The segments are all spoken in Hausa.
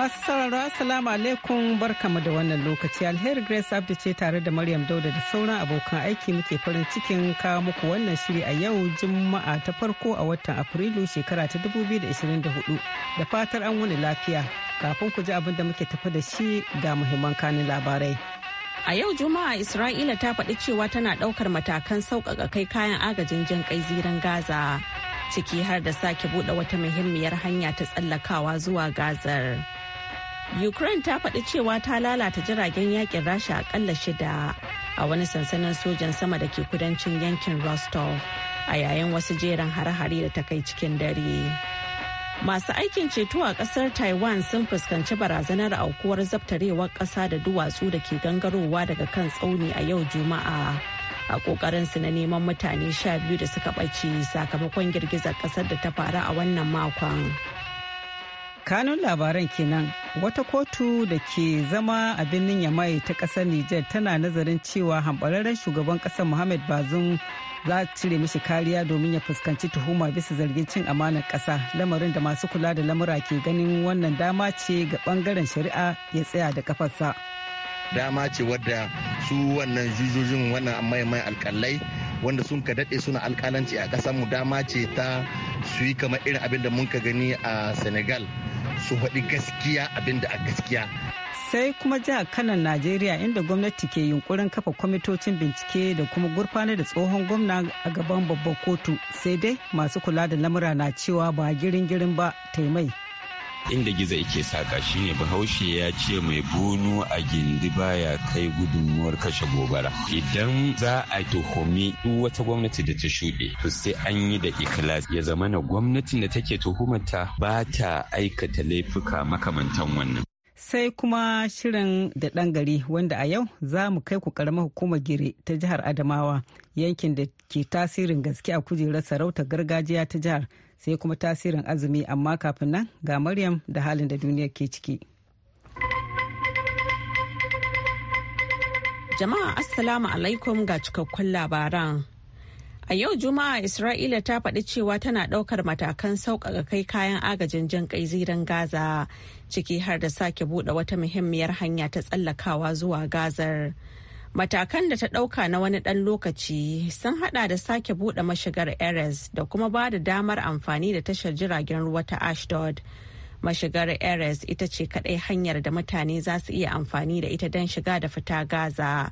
Masu sauraro Assalamu alaikum barkamu da wannan lokaci alheri Grace Abdi ce tare da Maryam Dauda da sauran abokan aiki muke farin cikin kawo muku wannan shiri a yau Juma'a ta farko a watan Afrilu shekara ta 2024 da fatar an wani lafiya kafin ku ji abin da muke tafi da shi ga muhimman kanin labarai. A yau Juma'a Isra'ila ta faɗi cewa tana ɗaukar matakan sauƙaƙa kai kayan agajin jin kai ziran Gaza ciki har da sake buɗe wata muhimmiyar hanya ta tsallakawa zuwa Gazar. Ukraine ta faɗi cewa ta lalata jiragen yakin Rasha akalla shida a wani sansanin sojan sama da ke kudancin yankin Rostov a yayin wasu jeran hare-hare da ta kai cikin dare. Masu aikin ceto a ƙasar Taiwan sun fuskanci barazanar aukuwar zabtarewar ƙasa da duwatsu da ke gangarowa daga kan tsauni a yau Juma'a. a ƙoƙarin su na neman mutane sha biyu da suka ɓace sakamakon girgizar ƙasar da ta faru a wannan makon. kanun labaran kenan wata kotu da ke zama a birnin yamai ta kasar niger tana nazarin cewa hambararren shugaban kasar muhammad bazum za a cire mishi kariya domin ya fuskanci tuhuma bisa zargin cin amanar kasa lamarin da masu kula da lamura ke ganin wannan dama ce ga bangaren shari'a ya tsaya da kafarsa dama ce wadda su wannan jujujin wannan mai alkalai wanda sun ka daɗe suna alkalanci a kasanmu dama ce ta su yi kamar irin abin da mun ka gani a senegal su faɗi gaskiya abin da a gaskiya. Sai kuma jihar kanan Najeriya inda gwamnati ke yunkurin kafa kwamitocin bincike da kuma gurfanar da tsohon gwamna a gaban babban kotu sai dai masu kula da lamura na cewa ba girin girin ba taimai. mai. inda gizo yake saka shine bahaushe ya ce mai bunu a gindi ba ya kai gudunmuwar kashe gobara idan za a tuhumi duk wata gwamnati da ta shuɗe to sai an yi da ikilas ya zama na gwamnatin da take tuhumata ba ta aikata laifuka makamantan wannan sai kuma shirin da ɗan gari wanda a yau za mu kai ku karamar hukumar gire ta jihar adamawa yankin da ke tasirin gaske a kujerar sarautar gargajiya ta jihar sai kuma tasirin azumi amma kafin nan ga Maryam da halin da duniya ke ciki. Jama'a Assalamu alaikum ga cikakkun labaran. A yau Juma'a Isra'ila ta faɗi cewa tana ɗaukar matakan sauƙaƙa kai kayan agajin jin kai zirin Gaza ciki har da sake buɗe wata muhimmiyar hanya ta tsallakawa zuwa Gazar. matakan da ta ɗauka na wani ɗan lokaci sun hada da sake buɗe mashigar Eres da kuma ba da damar amfani da tashar jiragen ruwa ta Ashdod. Mashigar Eres ita ce kadai hanyar da mutane za su iya amfani da ita don shiga da fita Gaza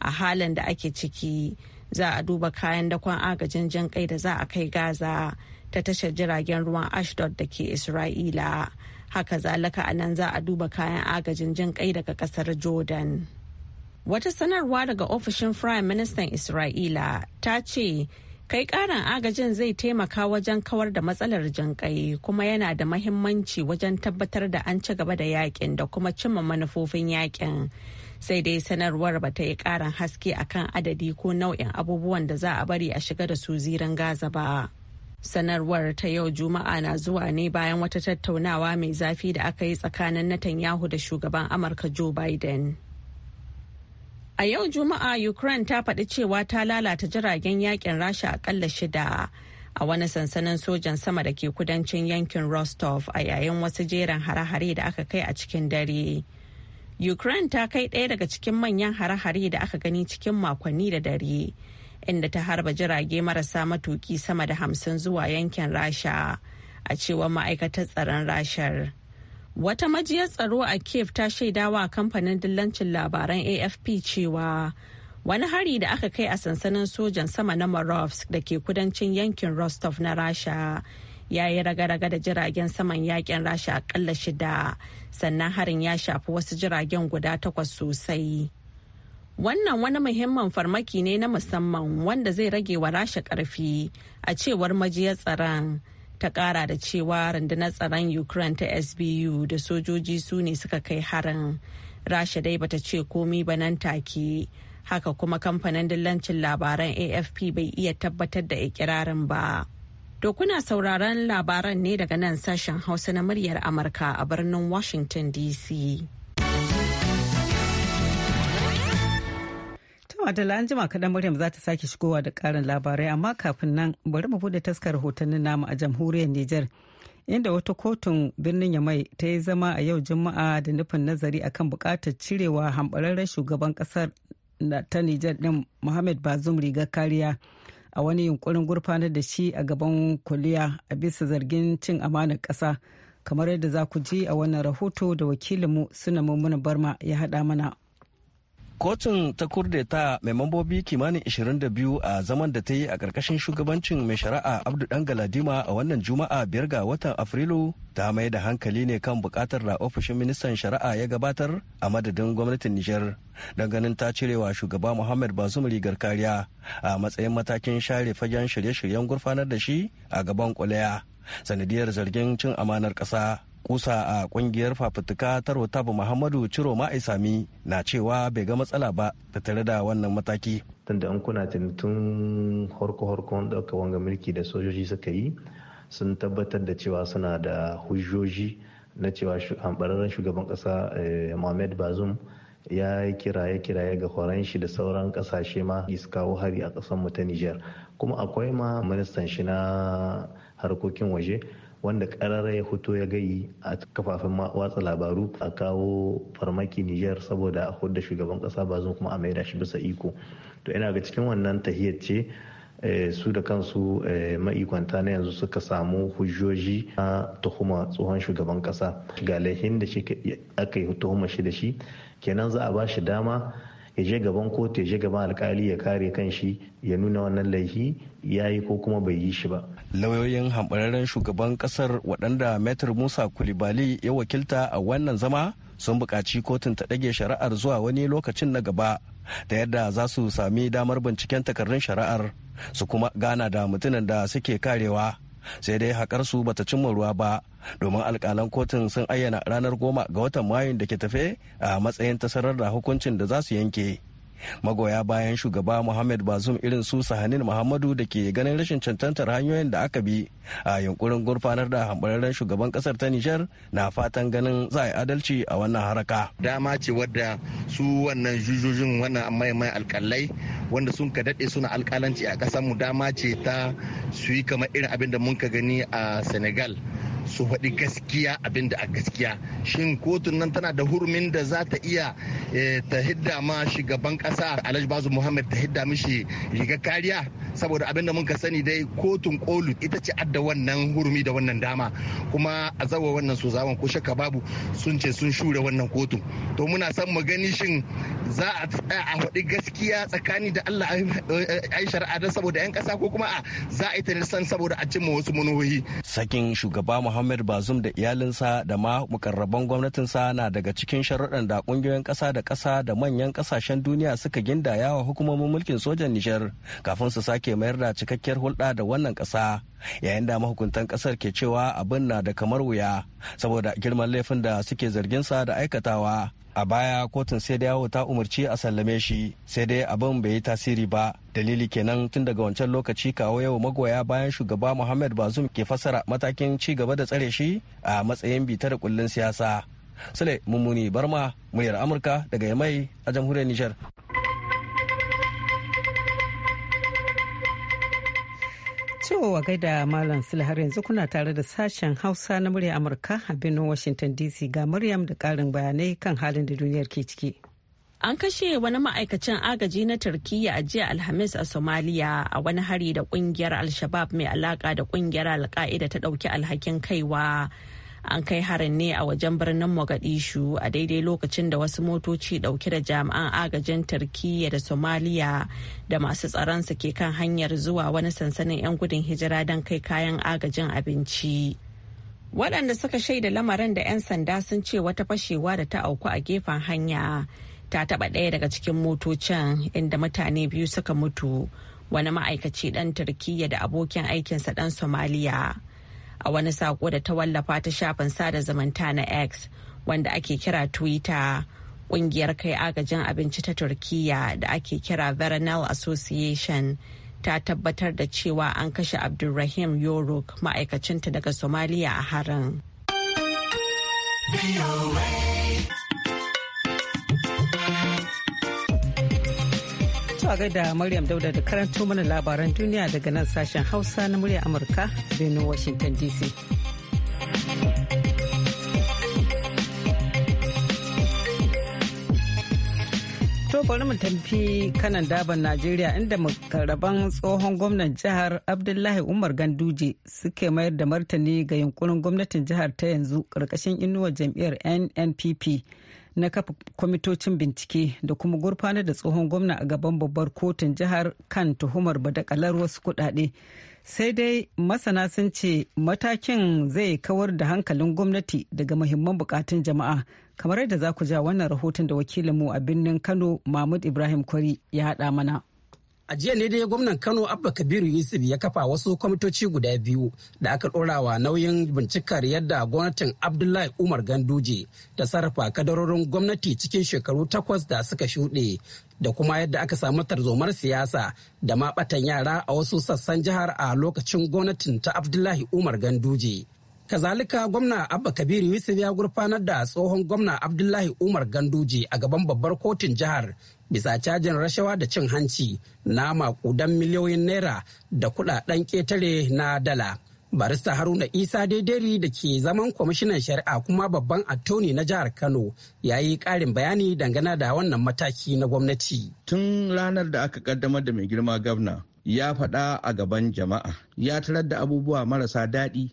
a halin da ake ciki. Za a duba kayan dakon agajin jan kai da za a kai Gaza ta tashar jiragen ruwan Ashdod da ke Isra'ila. Haka zalika a nan za a duba kayan agajin jan kai daga kasar Jordan. Wata sanarwa daga ofishin Prime Minister Isra'ila ta ce, kai karin agajin zai taimaka wajen kawar da matsalar jinƙai kuma yana da mahimmanci wajen tabbatar da an ci gaba da yakin da kuma cimma manufofin yakin sai dai sanarwar ba ta yi karin haske akan adadi ko nau'in abubuwan da za a bari a shiga da su ziran gaza ba sanarwar ta yau juma'a na zuwa ne bayan wata tattaunawa mai zafi da aka yi tsakanin natanyahu da shugaban amurka joe biden A yau Juma'a Ukraine ta faɗi cewa ta lalata jiragen yakin Rasha akalla shida a wani sansanin sojan sama da ke kudancin yankin Rostov a yayin wasu jerin hare-hare da aka kai a cikin dare. Ukraine ta kai ɗaya daga cikin manyan hare-hare da aka gani cikin makonni da dare, inda ta harba jirage marasa matuki sama da hamsin zuwa yankin Rasha, a cewar ma'aikatar tsaron Rashar. Wata majiyar tsaro a Kiev ta shaidawa kamfanin dillancin labaran AFP cewa wani hari da aka kai a sansanin sojan sama na Morovsk da ke kudancin yankin Rostov na Rasha ya yi raga-raga da jiragen saman yakin Rasha akalla shida sannan harin ya shafi wasu jiragen guda takwas sosai. Wannan wani muhimmin farmaki ne na musamman wanda zai rage wa Rasha ƙarfi a cewar majiyar tsaron. ta kara da cewa rundunar tsaron ukraine ta sbu da sojoji su ne suka kai harin rasha dai bata ce komi ba nan take haka kuma kamfanin dillancin labaran afp bai iya tabbatar da ikirarin ba to kuna sauraron labaran ne daga nan sashen hausa na muryar amurka a birnin washington dc Madalla an jima kaɗan Maryam za ta sake shigowa da ƙarin labarai amma kafin nan bari mu buɗe taskar hotonnin namu a jamhuriyar Nijar. Inda wata kotun birnin Yamai ta yi zama a yau Juma'a da nufin nazari akan buƙatar cirewa hambararren shugaban ƙasar ta Nijar ɗin Muhammad Bazoum rigar kariya a wani yunkurin gurfanar da shi a gaban kuliya a bisa zargin cin amanar ƙasa kamar yadda za ku ji a wannan rahoto da wakilinmu suna mummunan barma ya haɗa mana Kotun ta ta mai mambobi kimanin 22 a zaman da ta yi a ƙarƙashin shugabancin mai shari'a Abdu Dan Galadima a wannan Juma'a biyar ga watan Afrilu ta mai da hankali ne kan buƙatar da ofishin ministan shari'a ya gabatar a madadin gwamnatin Nijar don ganin ta cirewa shugaba Muhammad Bazum rigar kariya a matsayin matakin share fagen shirye-shiryen gurfanar da shi a gaban kwalaya sanadiyar zargin cin amanar ƙasa. kusa a kungiyar fafutuka ta rotabu muhammadu ciro ma'aisami na cewa bai ga matsala ba tare da wannan mataki tunda an kuna tun horko-horkon ɗauka wanga mulki da sojoji suka yi sun tabbatar da cewa suna da hujjoji na cewa ambararren shugaban ƙasa eh, mohamed bazoum ya yi kiraye kiraye ga horon shi da sauran kasashe ma su kawo hari a ƙasar mu ta niger kuma akwai ma ministan shi na harkokin waje wanda karara ya fito ya gayi a kafafen watsa labaru a kawo farmaki Nijar saboda a hudda shugaban kasa zan kuma a maida shi bisa iko to ina ga cikin wannan tahiyar ce eh, su da kansu eh, ma'ikwanta na yanzu suka samu hujjoji na tuhuma tsohon shugaban kasa ga laifin da aka yi tuhuma shi da shi kenan za a ba shi dama ya je gaban kotu ya je gaban alkali ya kare kan shi ya nuna wannan laifi ya yi ko kuma bai yi shi ba. Lauyoyin hambararren shugaban kasar waɗanda Metro Musa Kulibali ya wakilta a wannan zama sun buƙaci kotun ta ɗage shari'ar zuwa wani lokacin na gaba da yadda za su sami damar binciken takardun shari'ar su kuma gana da mutumin da suke karewa sai dai haƙar su bata cimma ruwa ba domin alƙalan kotun sun ayyana ranar goma ga watan mayun da ke tafe a matsayin tasarar da hukuncin da za su yanke magoya bayan shugaba muhammad bazum irin su sahanin muhammadu da ke ganin rashin cancantar hanyoyin da aka bi a yunkurin gurfanar da hambararren shugaban kasar ta nijar na fatan ganin za a yi adalci a wannan haraka dama ce wadda su wannan jujujin wannan mai alkalai wanda sun ka daɗe suna alkalanci a kasanmu dama ce ta su yi kamar irin abin da mun ka gani a senegal su faɗi gaskiya abin da a gaskiya shin kotun nan tana da hurumin da za ta iya eh, ta hidda ma shugaban ƙasa alhaji bazu muhammad ta hidda mishi riga kariya saboda abin da muka sani dai kotun kolu ita ce adda wannan hurumi da wannan dama kuma a zawa wannan su zawon ko shakka babu sun ce sun shure wannan kotun to muna son mu gani shin za a tsaya a faɗi gaskiya tsakani da allah ai shari'a don saboda 'yan ƙasa ko kuma a za a yi ta nisan saboda a cimma wasu manohi sakin shugaba muhammad Muhammad Bazum da iyalinsa da ma mukarraban gwamnatinsa na daga cikin sharuɗan da ƙungiyoyin ƙasa da ƙasa da manyan ƙasashen duniya suka gindaya wa hukumomin mulkin sojan Nijar kafin su sake mayar da cikakkiyar hulɗa da wannan ƙasa. Yayin da mahukuntan ƙasar ke cewa abin na da kamar wuya saboda girman laifin da suke zargin sa da aikatawa a baya kotun sai dai yawo ta umarci a sallame shi sai dai abin bai yi tasiri ba dalili kenan tun daga wancan lokaci kawo yau magoya bayan shugaba muhammad bazum ke fassara matakin ci gaba da tsare shi a matsayin bitar kullun siyasa sule mummuni barma muryar amurka daga yamai a jamhuriyar nijar To gaida Malam har yanzu kuna tare da sashen Hausa na murya Amurka a birnin Washington DC ga Maryam da ƙarin bayanai kan halin da duniyar ke ciki. An kashe wani ma'aikacin agaji na Turkiyya a jiya Alhamis a Somalia a wani hari da kungiyar al shabaab mai alaka da kungiyar Al-Qaida ta ɗauki alhakin kaiwa. an kai harin ne a wajen birnin mogadishu a daidai lokacin da wasu motoci dauke da jami'an agajin turkiyya da somaliya da masu tsaron su ke kan hanyar zuwa wani sansanin 'yan gudun hijira don kai kayan agajin abinci waɗanda suka shaida lamarin da 'yan sanda sun ce wata fashewa da ta auku a gefen hanya ta taba ɗaya daga cikin motocin inda mutane biyu suka mutu wani ma'aikaci ɗan turkiyya da abokin aikinsa ɗan somaliya a wani saƙo da ta wallafa ta shafin sada zumunta na X wanda ake kira Twitter. ƙungiyar kai agajin abinci ta Turkiyya da ake kira Veronal Association ta tabbatar da cewa an kashe Abdulrahim Yoruk ma'aikacinta daga Somalia a harin. a gaida Maryam Dauda da karanto mana labaran duniya daga nan sashen Hausa na murya Amurka birnin Washington DC. To bari mu tafi kanan daban Najeriya inda makarraban tsohon gwamnan jihar Abdullahi Umar Ganduje suke mayar da martani ga yunkurin gwamnatin jihar ta yanzu karkashin inuwar jam'iyyar NNPP. na kafa kwamitocin bincike da kuma gurfanar da tsohon gwamna a gaban babbar kotun jihar kan tuhumar badakalar wasu kudade sai dai masana sun ce matakin zai kawar da hankalin gwamnati daga muhimman bukatun jama'a kamar yadda za ku ja wannan rahoton da wakilinmu a birnin kano mahmud ibrahim kwari ya haɗa mana A jiya ne dai gwamnan Kano Abba Kabiru Yusuf ya kafa wasu kwamitoci guda biyu da aka ɗorawa nauyin bincikar yadda gwamnatin Abdullahi Umar Ganduje ta sarrafa kadarorin gwamnati cikin shekaru takwas da suka shuɗe da kuma yadda aka samu tarzomar siyasa da ma ɓatan yara a wasu sassan jihar a lokacin gwamnatin ta Abdullahi Umar Ganduje. Kazalika gwamna Abba Kabir Yusuf ya gurfanar da tsohon gwamna Abdullahi Umar Ganduje a gaban babbar kotun jihar bisa cajin rashawa da cin hanci na makudan miliyoyin naira da kudaden ƙetare na dala. Barista Haruna Isa Daidari da ke zaman kwamishinan shari'a kuma babban attorney na jihar Kano ya yi ƙarin bayani dangane da wannan mataki na gwamnati. Tun ranar da aka kaddamar da mai girma gwamna ya faɗa a gaban jama'a ya tarar da abubuwa marasa daɗi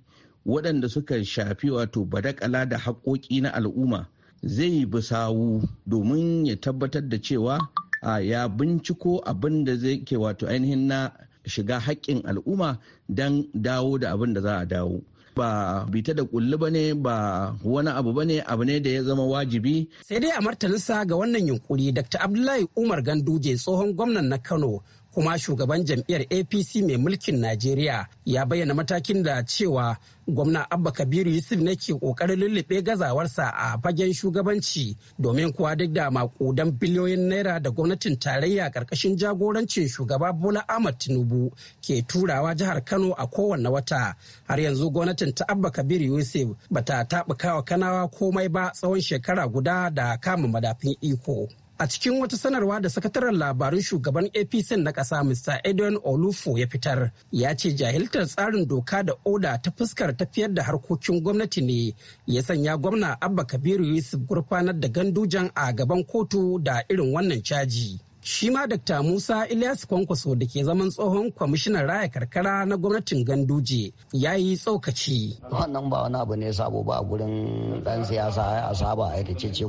waɗanda suka shafi wato badakala da haƙoƙi na al'umma zai bi sawu domin ya tabbatar da cewa a ya binciko abin da zai ke wato ainihin na shiga haƙƙin al'umma don dawo da abin da za a dawo ba bita da kulli ba ne ba wani abu ba ne abu ne da ya zama wajibi sai dai a martaninsa ga wannan yunkuri dr abdullahi umar ganduje tsohon gwamnan na kano kuma shugaban jam'iyyar apc mai mulkin najeriya ya bayyana matakin da cewa gwamna abba kabiru yusuf ne ke kokarin lullube gazawarsa a fagen shugabanci domin kuwa duk da maƙudan biliyoyin naira da gwamnatin tarayya ƙarƙashin jagorancin shugaba bola ahmad tinubu ke turawa jihar kano a kowanne wata har yanzu gwamnatin ta abba kabiru yusuf bata taɓuka wa kanawa komai ba tsawon shekara guda da kama madafin iko a cikin wata sanarwa da sakataren labarun shugaban apc na ƙasa mr edwin olufo ya fitar ya ce jahiltar tsarin doka da oda ta fuskar tafiyar da harkokin gwamnati ne ya sanya gwamna abba kabiru yusuf gurfanar da gandujan a gaban kotu da irin wannan caji shi ma Dr. Musa Ilyas Kwankwaso da ke zaman tsohon kwamishinan raya karkara na gwamnatin Ganduje ya yi tsaukaci. Wannan ba wani abu ne sabo ba a gurin ɗan siyasa a saba a yadda ce ce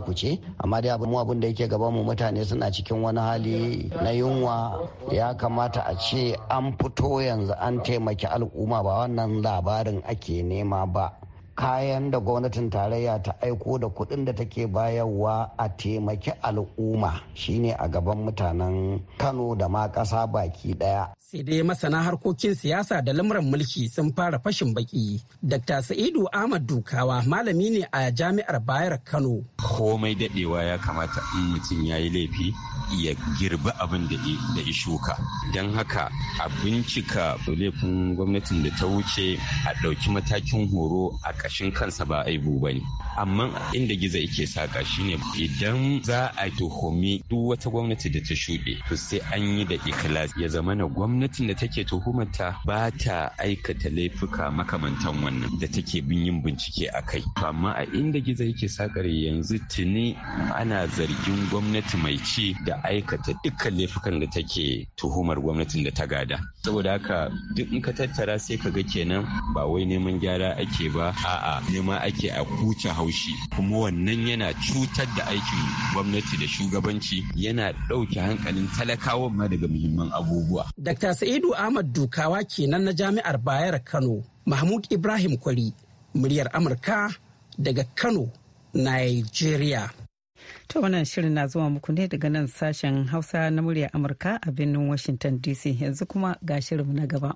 amma dai abu abin da yake gaba mu mutane suna cikin wani hali na yunwa ya kamata a ce an fito yanzu an taimaki al'umma ba wannan labarin ake nema ba kayan da gwamnatin tarayya ta aiko da kuɗin da take bayarwa a taimaki al'umma shine a gaban mutanen kano da ma ƙasa baki ɗaya sai dai masana harkokin siyasa da lamuran mulki sun fara fashin baki dr sa'idu ahmad dukawa malami ne a jami'ar bayar kano komai dadewa ya kamata in mutum ya yi laifi ya girbi abin da ya shuka don haka a bincika laifin gwamnatin da ta wuce a ɗauki matakin horo a ƙashin kansa ba yi ba ne amma inda giza yake shi ne idan za a tuhumi duk wata gwamnati da ta shuɗe to sai an yi da ikilas ya zama na gwamnati gwamnatin da take tuhumarta ba ta aikata laifuka makamantan wannan da take bin yin bincike a kai amma a inda gizo yake sakare yanzu tuni ana zargin gwamnati mai ci da aikata dukkan laifukan da take tuhumar gwamnatin da ta gada saboda haka duk in ka tattara sai ka ga kenan ba wai neman gyara ake ba a'a nema ake a kuce haushi kuma wannan yana cutar da aikin gwamnati da shugabanci yana ɗauke hankalin talakawan ma daga muhimman abubuwa. Dr. Dr. Sa'idu Ahmad Dukawa kenan na Jami'ar Bayar Kano, Mahmud Ibrahim Kwari, muryar Amurka daga Kano, Nigeria. To wannan shirin na zuwa muku ne daga nan sashen Hausa na muryar Amurka a birnin Washington DC yanzu kuma ga shirin na gaba.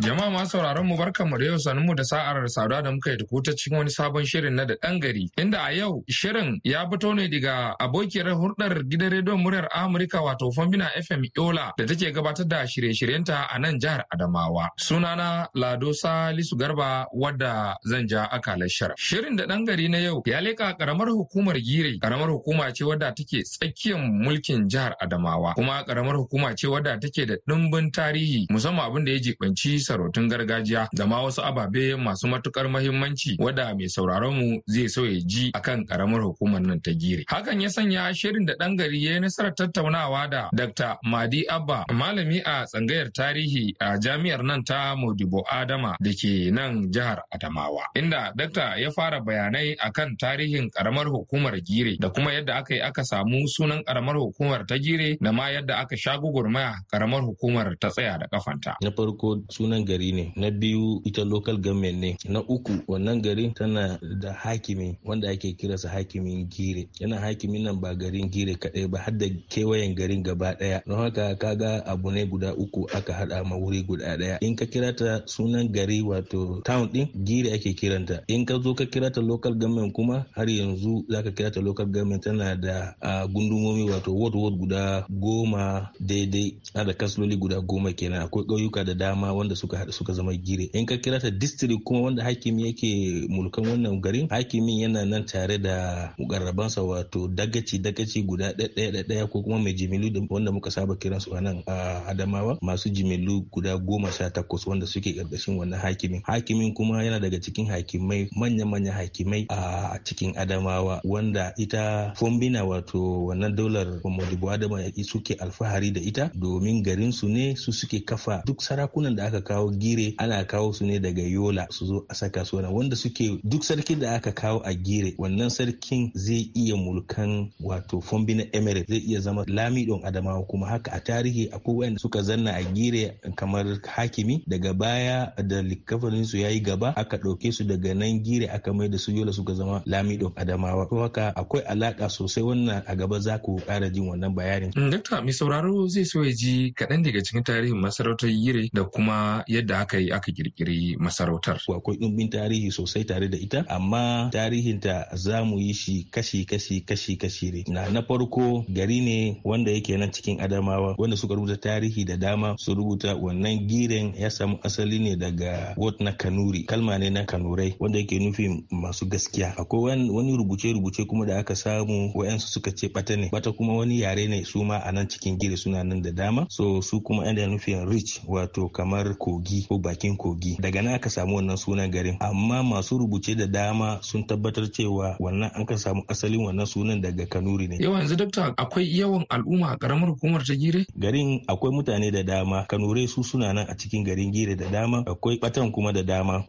Jama'a masu sauraron mu barkan mu da yau sanin mu da sa'ar saduwa da muka yi da ta cikin wani sabon shirin na da ɗan gari inda a yau shirin ya fito ne daga abokiyar hurdar gidan rediyon muryar Amurka wato Fombina FM Yola da take gabatar da shirye-shiryenta a nan jihar Adamawa. Sunana Lado Salisu Garba wadda zan ja akalar shirin. Shirin da ɗan gari na yau ya leka karamar hukumar Gire karamar hukuma ce wadda take tsakiyar mulkin jihar Adamawa kuma ƙaramar hukuma ce wadda take da ɗimbin tarihi musamman abin da ya jibanci sarautun gargajiya da ma wasu ababe masu matukar mahimmanci wada mai sauraron mu zai so ya ji akan karamar hukumar nan ta gire. Hakan ya sanya shirin da ɗan gari ya yi nasarar tattaunawa da Dr. Madi Abba malami a tsangayar tarihi a jami'ar nan ta Modibo Adama da ke nan jihar Adamawa. Inda Dr. ya fara bayanai akan tarihin karamar hukumar gire da kuma yadda aka yi aka samu sunan karamar hukumar ta gire da ma yadda aka sha gugurmaya karamar hukumar ta tsaya da kafanta. Na farko sunan wannan gari ne na biyu ita local government ne na uku wannan gari tana da hakimi wanda ake sa hakimin gire yana hakimin nan ba garin gire kadai ba har da kewayen garin gaba daya don haka kaga abu ne guda uku aka hada ma wuri guda daya in ka kira ta sunan gari wato town din gire ake kiranta in ka zo ka kira ta local government kuma har yanzu zaka kira ta local government tana da gundumomi wato ward ward guda goma daidai da kasloli guda goma kenan akwai ƙauyuka da dama wanda su suka haɗu suka zama gire in ka kira ta district kuma wanda hakimi yake mulkan wannan garin hakimin yana nan tare da mukarrabansa wato dagaci dagaci guda ɗaya ɗaya ko kuma mai jimilu da wanda muka saba kiransu a nan a adamawa masu jimilu guda goma sha takwas wanda suke ƙarƙashin wannan hakimin hakimin kuma yana daga cikin hakimai manya-manya hakimai a cikin adamawa wanda ita fombina wato wannan daular Modibo Adama suke alfahari da ita domin garin su ne su suke kafa duk sarakunan da aka kawo kawo gire ana kawo su ne daga yola su zo a saka su wanda suke duk sarkin da aka kawo a gire wannan sarkin zai iya mulkan wato fombi na emirate zai iya zama lamidon adamawa kuma haka a tarihi akwai wanda suka zanna a gire kamar hakimi daga baya da likafarin su yayi gaba aka dauke su daga nan gire aka mai da su yola suka zama lamidon adamawa kuma haka akwai alaka sosai wannan a gaba za ku kara jin wannan bayanin. Mm, Dr. mai sauraro zai so ya ji kaɗan daga cikin tarihin masarautar gire da kuma yadda aka yi aka kirkiri masarautar. Akwai ɗumbin tarihi sosai tare da ita amma tarihinta za mu yi shi kashi-kashi kashi-kashi ne. Na na farko gari ne wanda yake nan cikin Adamawa wanda suka rubuta tarihi da dama su rubuta wannan giren ya samu asali ne daga word na Kanuri kalma ne na Kanurai wanda yake nufin masu gaskiya. Akwai wani rubuce-rubuce kuma da aka samu wa'yansu suka ce bata ne bata kuma wani yare ne su ma a nan cikin gire suna nan da dama so su kuma yana nufin rich wato kamar ko kogi ko bakin kogi daga nan aka samu wannan sunan garin amma masu rubuce da dama sun tabbatar cewa wannan an ka samu asalin wannan sunan daga kanuri ne yawan yanzu dakta akwai yawan al'umma a karamar hukumar ta gire garin akwai mutane da dama kanure su suna nan a cikin garin gire da dama akwai batan kuma da dama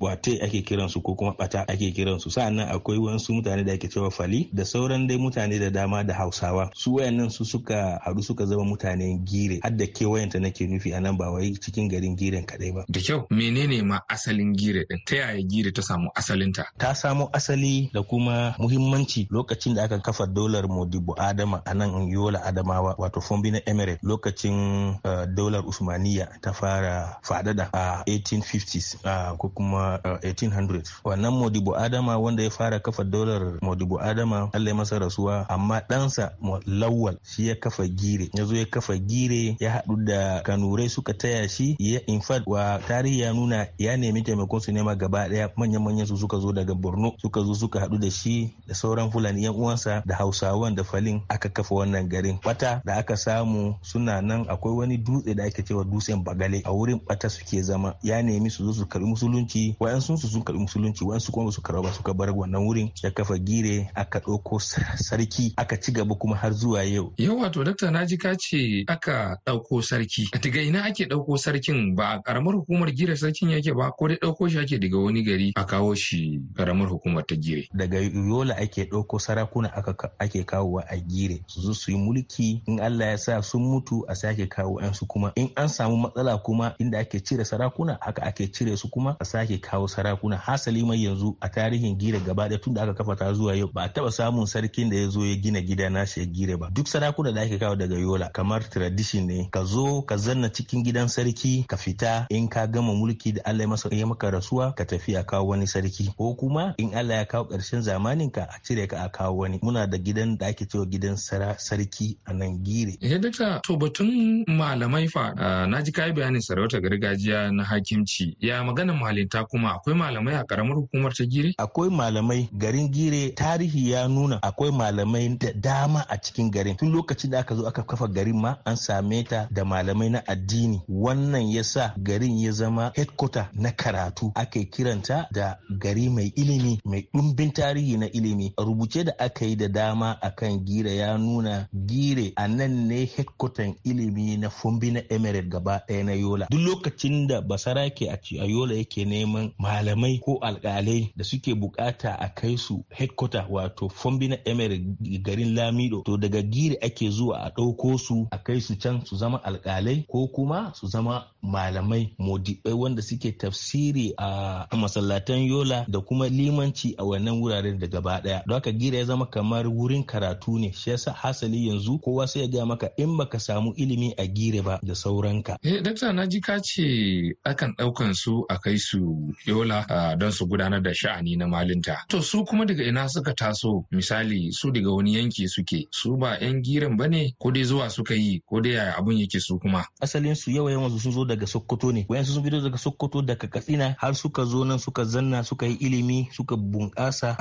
wate ake kiransu ko kuma bata ake kiransu nan akwai wasu mutane da ake cewa fali da sauran dai mutane da dama da hausawa su wayannan su suka haɗu suka zama mutanen gire har da kewayenta nake nufi a nan ba wai cikin garin asalin giren kadai ba. Da kyau menene ma asalin gire din? Ta yaya gire ta samu asalinta? Ta samo asali da kuma muhimmanci lokacin da aka kafa dolar Modibo Adama a nan Yola Adamawa wato Fombi na Emirate lokacin eh, dolar Usmaniya ta fara fadada a 1850s ko kuma 1800. Eh, Wannan Modibo Adama wanda ya fara kafa dolar Modibo Adama Allah ya masa rasuwa amma ɗansa Lawal shi ya kafa gire ya zo ya kafa gire ya haɗu da kanurai suka taya shi ya infad wa tarihi ya nuna ya nemi taimakon su nema gaba daya manyan manyan su suka zo daga borno suka zo suka haɗu da shi da sauran fulani yan uwansa da hausawan da falin aka kafa wannan garin bata da aka samu suna nan akwai wani dutse da ake cewa dutsen bagale a wurin bata suke zama ya nemi su zo su karbi musulunci wayansu su sun karbi musulunci wayansu kuma su karba suka bar wannan wurin ya kafa gire aka ɗauko sarki aka ci gaba kuma har zuwa yau yau wato dakta naji ka ce aka ɗauko sarki daga ina ake ɗauko sarkin ba a karamar hukumar gire sarkin yake ba ko dai ɗauko shi ake daga wani gari a kawo shi karamar hukumar ta gire. Daga yola ake ɗauko sarakuna ake kawowa a gire su zo su yi mulki in Allah ya sa sun mutu a sake kawo su kuma in an samu matsala kuma inda ake cire sarakuna haka ake cire su kuma a sake kawo sarakuna hasali mai yanzu a tarihin gire gaba ɗaya tun da aka kafa ta zuwa yau ba a taɓa samun sarkin da ya zo ya gina gida na shi gire ba duk sarakuna da ake kawo daga yola kamar tradition ne ka zo ka zanna cikin gidan sarki ka fita in ka gama mulki da Allah masa ya maka rasuwa ka tafi a kawo wani sarki ko kuma in Allah ya kawo ƙarshen zamanin ka a cire ka a kawo wani muna da gidan da ake cewa gidan sarki a nan gire. Eh dakta to batun malamai fa na ji kai bayanin sarauta gargajiya na hakimci ya magana malinta kuma akwai malamai a karamar hukumar ta gire? Akwai malamai garin gire tarihi ya nuna akwai malamai da dama a cikin garin tun lokacin da aka zo aka kafa garin ma an same ta da malamai na addini wannan yasa sa garin ya zama headquarter na karatu ake kiranta da gari mai ilimi mai ɗumbin tarihi na ilimi rubuce da aka yi da dama akan gire ya nuna gire a nan ne headquarter ilimi na fumbi na emirate gaba ɗaya na yola duk lokacin da basarake a yola yake neman malamai ko alƙalai da suke bukata a kai su headquarter wato fumbi na emirate garin lamido to daga gire ake zuwa a ɗauko su a kai su can su zama alƙalai ko kuma su zama malamai malamai modibai wanda suke tafsiri a masallatan yola da kuma limanci a wannan wuraren da gaba daya don haka gira ya zama kamar wurin karatu ne shi yasa hasali yanzu kowa sai ya ga maka in baka samu ilimi a gire ba da sauranka eh dakta naji ka ce akan daukan su a kai su yola don su gudanar da sha'ani na malinta to su kuma daga ina suka taso misali su daga wani yanki suke su ba yan giran bane ko dai zuwa suka yi ko dai abun yake su kuma asalin su yawa yawan sun zo daga daga Sokoto ne wayansu sun fito daga Sokoto daga Katsina har suka zo nan suka zanna suka yi ilimi suka bunƙasa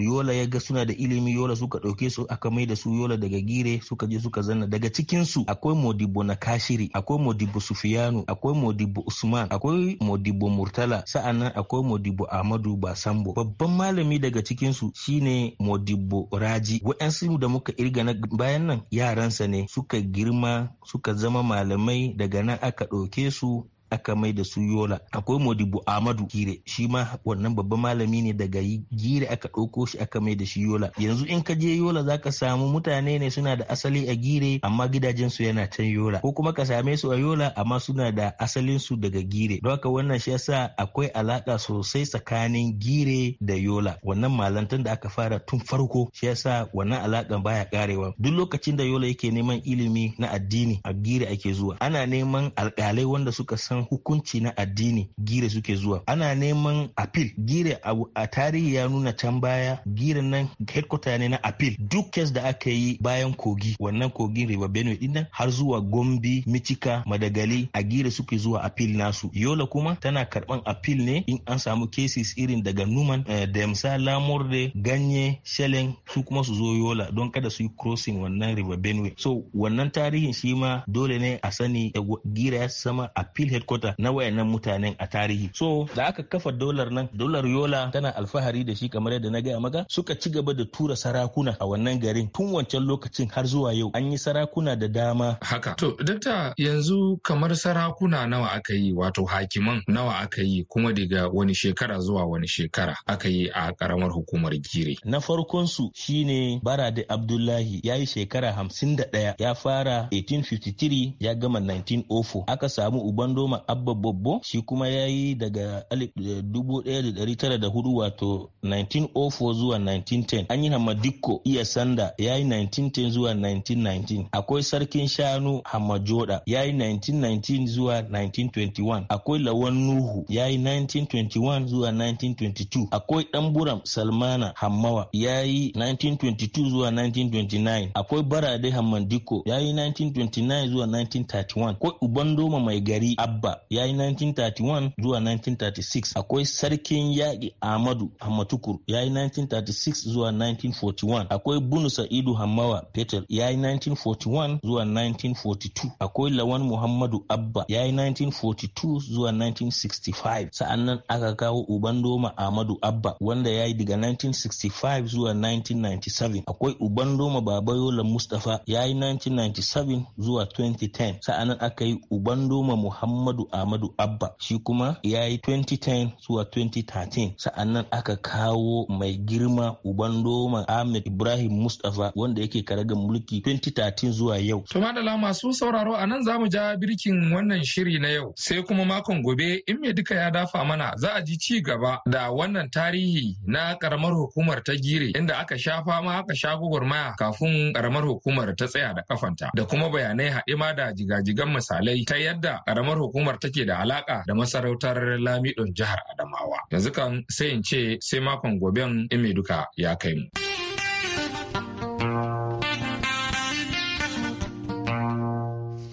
Yola ya ga suna da ilimi Yola suka ɗauke su aka mai da su Yola daga Gire suka je suka zanna daga cikin su akwai Modibo kashiri, akwai Modibo Sufiyanu akwai Modibo Usman akwai Modibo Murtala sa'annan akwai Modibo Ahmadu Basambo babban malami daga cikin su shine Modibo Raji wayansu da muka irga na bayan nan yaransa ne suka girma suka zama malamai daga nan aka ɗauke su Exu aka mai da su yola akwai modibu amadu gire shi ma wannan babban malami ne daga gire aka ɗauko shi aka mai da shi yola yanzu in ka je yola za ka samu mutane ne suna da asali a gire amma gidajen su yana can yola ko kuma ka same su a yola amma suna da asalinsu daga gire don haka wannan shi yasa akwai alaka sosai tsakanin gire da yola wannan malantan da aka fara tun farko shi yasa wannan alakan baya karewa duk lokacin da yola yake neman ilimi na addini a gire ake zuwa ana neman alkalai wanda suka san neman hukunci na addini gire suke zuwa ana neman appeal gire abu a tarihi ya nuna can baya gire nan headquarter ne na appeal duk kes da aka yi bayan kogi wannan kogin riba benue din har zuwa gombe michika madagali a gire suke zuwa appeal nasu yola kuma tana karban appeal ne in an samu cases irin daga numan eh, demsa lamurde ganye shelen su kuma su zo yola don kada su yi crossing wannan river benue so wannan tarihin shi ma dole ne a sani eh, gira ya sama appeal headquarter headquarter na wayannan mutanen a tarihi so da aka kafa dolar nan dolar yola tana alfahari da shi kamar yadda na gaya maka suka ci gaba da tura sarakuna a wannan garin tun wancan lokacin har zuwa yau an yi sarakuna da dama haka to dakta yanzu kamar sarakuna nawa aka yi wato hakiman nawa aka yi kuma daga wani shekara zuwa wani shekara aka yi a karamar hukumar gire na farkon su shine barade abdullahi ya yi shekara hamsin da ɗaya ya fara 1853 ya gama 1904 aka samu uban doma Muhammad Abba Bobbo shi kuma ya yi daga 1904 eh, wato 1904 zuwa 1910 an yi Hamadikko iya sanda ya yi 1910 zuwa 1919 akwai sarkin shanu Hamajoda ya yi 1919 zuwa 1921 akwai Lawan Nuhu ya yi 1921 zuwa 1922 akwai Ɗanburam Salmana Hammawa ya yi 1922 zuwa 1929 akwai Barade Hamadikko ya yi 1929 zuwa 1931 akwai Ubandoma mai gari Abba Abba ya yi 1931 zuwa 1936 akwai sarkin yaƙi Ahmadu Hamatukur ya yi 1936 zuwa 1941 akwai Bunu Sa'idu Hammawa Petel ya yi 1941 zuwa 1942 akwai Lawan Muhammadu Abba ya yi 1942 zuwa 1965 sa'annan aka kawo Ubandoma Ahmadu Abba wanda ya yi daga 1965 zuwa 1997 akwai Ubandoma Babayola Mustapha ya yi 1997 zuwa 2010 sa'annan aka yi Ubandoma Muhammadu Muhammadu Ahmadu Abba shi kuma ya yi 2010 zuwa 2013 nan aka kawo mai girma uban doma Ahmed Ibrahim Mustapha wanda yake karaga mulki 2013 zuwa yau. To madala masu sauraro a nan za mu ja birkin wannan shiri na yau sai kuma makon gobe in me duka ya dafa mana za a ji ci gaba da wannan tarihi na karamar hukumar ta gire inda aka sha fama aka sha gwagwarmaya kafin karamar hukumar ta tsaya da kafanta da kuma bayanai haɗima da jigajigan misalai ta yadda karamar hukumar hukumar take da alaka da masarautar Lamidon jihar Adamawa. Yanzu kan sai in ce sai makon goben imeduka ya kai mu.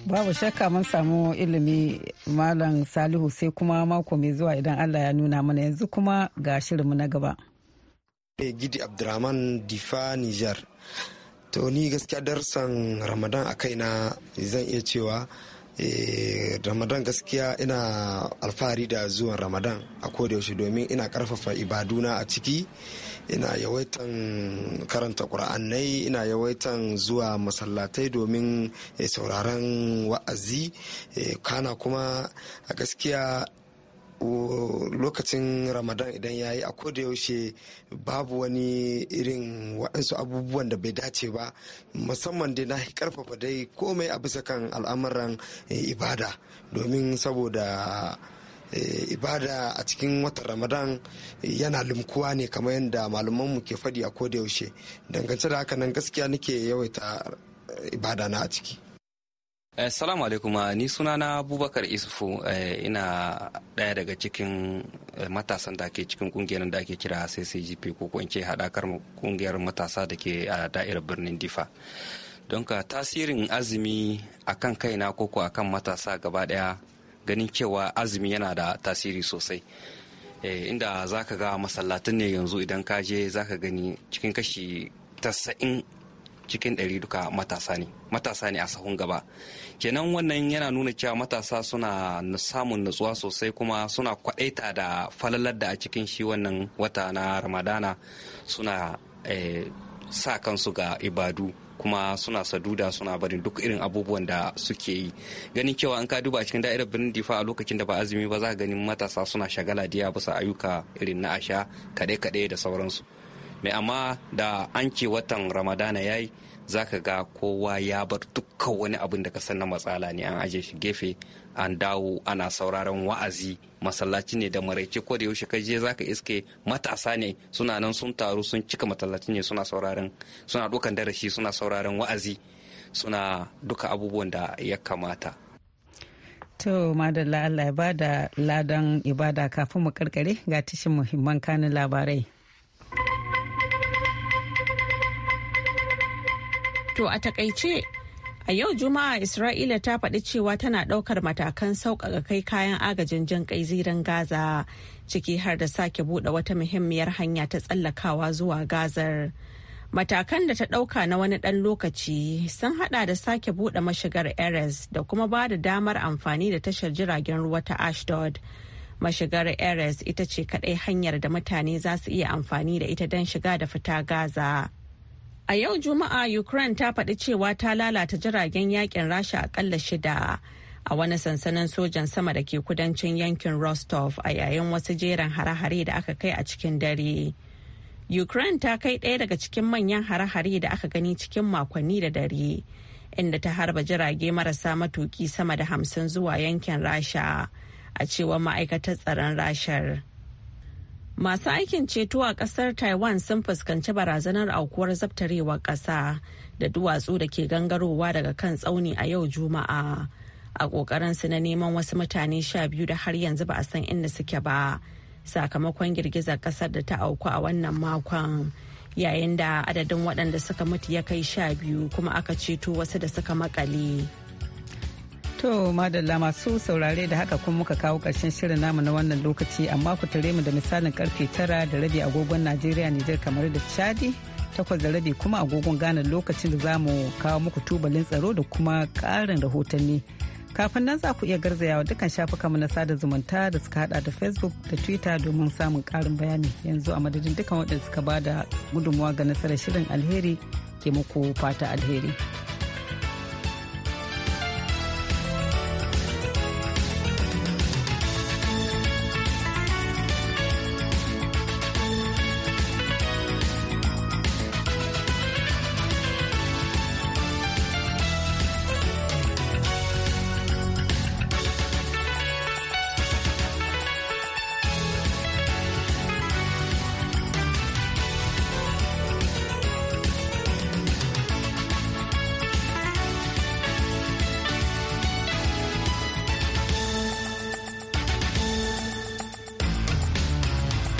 Babu shakka mun samu ilimi Malam Salihu sai kuma mako mai zuwa idan Allah ya nuna mana yanzu kuma ga shirinmu na gaba. Gidi Abdurrahman Difa Nijar. To ni gaskiya darsan Ramadan a kaina zan iya cewa Eh, ramadan gaskiya ina alfahari da zuwan ramadan a kodayaushe domin ina karfafa ibaduna a ciki ina yawaitan karanta ƙura'annai ina yawaitan zuwa masallatai domin eh, sauraron wa'azi eh, kana kuma a gaskiya lokacin ramadan idan ya yi a yaushe babu wani irin waɗansu abubuwan da bai dace ba musamman dai na karfafa dai komai a bisa kan al'amuran eh, ibada domin saboda eh, ibada a cikin watan ramadan eh, yana limkuwa ne kamar yadda mu ke faɗi a koda yaushe dangance da haka nan gaskiya nake yawaita ibada na a ciki Assalamu eh, alaikum ah, ni sunana Abubakar Isufu eh, ina ɗaya daga cikin eh, matasan da ke cikin kungiyar da ake kira CCGP ko ko ce haɗakar kungiyar matasa da ke a da'irar birnin Difa. Don ka tasirin azumi akan kaina ko ko akan matasa gaba ɗaya ganin cewa azumi yana da tasiri sosai. inda za ka ga masallatin ne yanzu idan ka je za ka gani cikin kashi tasa'in cikin ɗari duka matasa ne matasa ne a sahun gaba kenan wannan yana nuna cewa matasa suna samun natsuwa sosai kuma suna kwaɗaita da falalar da a cikin shi wannan wata na ramadana suna eh, sa kansu ga ibadu kuma suna saduda suna barin duk irin abubuwan da suke yi ganin cewa an ka duba cikin da'irar birnin difa a lokacin da ba azumi ba za ka ganin matasa suna shagala diya bisa ayyuka irin na asha kaɗe-kaɗe da sauransu mai amma da an ce watan ramadana ya yi za ka ga kowa ya bar dukkan wani abin da ka san na matsala ne an aje shi gefe an dawo ana sauraron wa'azi masallaci ne da maraice ko da yaushe ka je zaka iske matasa ne suna nan sun taru sun cika masallaci ne suna sauraron suna dukan darashi suna sauraron wa'azi suna duka abubuwan da ya kamata to madalla Allah ya bada ladan ibada kafin mu karkare ga tashin muhimman kanin labarai To a takaice A yau Juma'a Isra'ila ta faɗi cewa tana ɗaukar matakan sauƙaƙa kai kayan agajin jin ƙai ziran Gaza ciki har da sake buɗe wata muhimmiyar hanya ta tsallakawa zuwa Gazar. Matakan da ta ɗauka na wani ɗan lokaci sun haɗa da sake buɗe mashigar Eres da kuma ba da damar amfani da tashar jiragen ruwa ta Ashdod. Mashigar Eres ita ce kaɗai hanyar da mutane za su iya amfani da ita don shiga da fita Gaza. A yau Juma'a Ukraine ta faɗi cewa ta lalata jiragen yakin Rasha akalla shida a wani sansanin sojan sama da ke kudancin yankin Rostov a yayin wasu jeran hare-hare da aka kai a cikin dare. Ukraine ta kai ɗaya daga cikin manyan hare-hare da aka gani cikin makonni da dare, inda ta harba jirage marasa matuki sama da hamsin zuwa yankin Rasha, a cewar ma'aikatar tsaron Rashar. Masu aikin ceto a kasar Taiwan sun fuskanci barazanar aukuwar zabtarewar ƙasa da duwatsu da ke gangarowa daga kan tsauni a yau Juma'a. A ƙoƙarinsu na neman wasu mutane sha biyu da har yanzu ba a san inda suke ba, sakamakon girgizar ƙasar da ta auku a wannan makon. Yayin da adadin waɗanda suka mutu ya kai sha biyu kuma aka ceto wasu da suka makale. To madalla masu saurare da haka kuma muka kawo ƙarshen shirin namu na wannan lokaci amma ku tare mu da misalin karfe tara da rabi agogon Najeriya Nijar kamar da Chadi takwas da rabi kuma agogon Ghana lokacin da zamu kawo muku tubalin tsaro da kuma ƙarin rahotanni. Kafin nan za ku iya garzayawa dukkan shafukanmu na sada zumunta da suka hada da Facebook da Twitter domin samun ƙarin bayani yanzu a madadin dukkan waɗanda suka bada gudunmawa ga nasarar shirin alheri ke muku fata alheri.